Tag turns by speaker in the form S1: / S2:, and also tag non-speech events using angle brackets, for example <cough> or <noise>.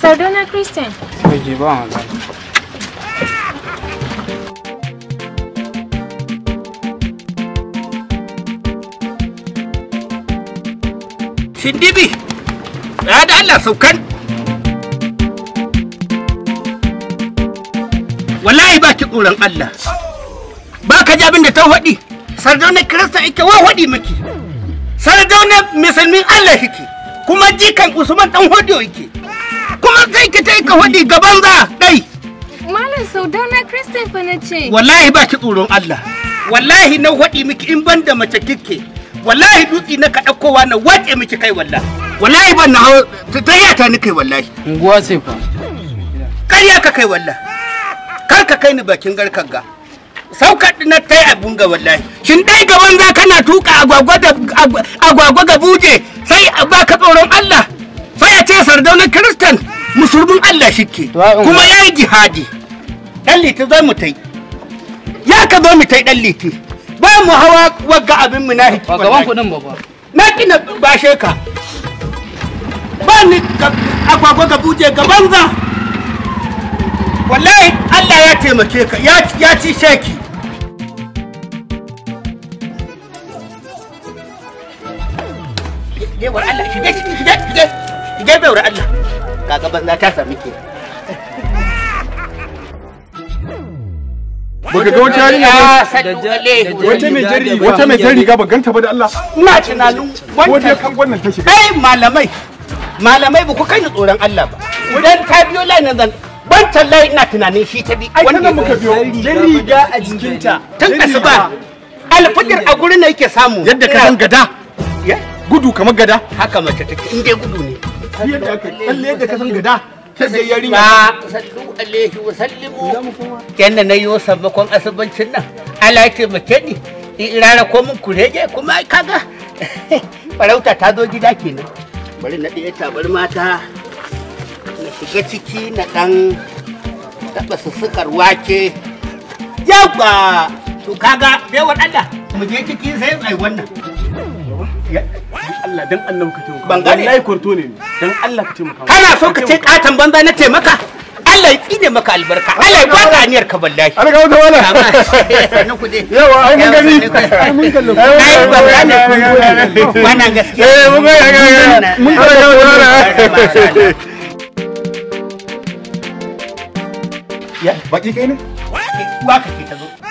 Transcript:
S1: Sardona Christian. Oye, vamos Sindibi, Shindibi, da Allah saukan. Wallahi ba ki tsoron Allah. Ba ka ji abin da ta waɗi. Sardaunar Christian ike wa waɗi miki. Sardaunar musulmin Allah yake. Kuma jikan Usman ɗan hodiyo yake. kuma sai ka tai ka hudi gaban za dai malam saudana christopher na ce wallahi ba ki tsoron allah wallahi na hudi miki in ban da mace kike wallahi dutsi na ka ɗaukowa na wace miki kai wallahi wallahi ban na hau ta yata ni kai wallahi unguwa sai fa karya ka kai wallahi kar ka kai ni bakin garkar ga saukar na ta yi abun ga wallahi shin dai gaban za kana tuka agwagwa ga buje sai ba ka tsoron allah turbin Allah shike kuma ya yi jihadi dan zai mu tai ya ka zo mu tai dan liti ba mu hawa wagga abin mu na hikima gaban kudin baba na kina bashe ka ba ni agwagwa ga buje ga banza wallahi Allah ya taimake ka ya ci sheki Allah kaga banza ta sami ke baka ga wata yarinya ba wata mai jari wata mai jari ga ba ganta ba da Allah ina tunanin wanda kan wannan ta shiga ai malamai malamai ba ku kai ni tsoron Allah ba idan ta biyo line nan ban tallahi ina tunanin shi ta bi wanda muka biyo jari ga a jikinta tun asuba alfajir a gurin da yake samu yadda ka san gada gudu kamar gada haka mace take inde gudu ne biyar da aka kalle da kasan gada sai yarinya sallu alaihi wa sallimu kenan na yi sabakon asibancin nan ala ce mace ni rara ko mun kurege kuma kaga <laughs> farauta ta zo gida kenan bari na ɗaya tabar mata na shiga ciki na ɗan taɓa sussukar wake yawa to kaga bai waɗanda mu je ciki sai ai wannan Allah dan Allah ka taimaka. Ban gane. Wallahi kwarto ne. Dan Allah ka taimaka. Kana so ka ce katan banza na taimaka? Allah ya tsine maka albarka. Allah ya baka aniyar ka wallahi. wata wala. Sannan ku dai. Yawa mun gani. Ai mun kallo. Ai ba gane gaskiya. Eh mun ga ga Mun ga Ya baki kai ne? ta zo.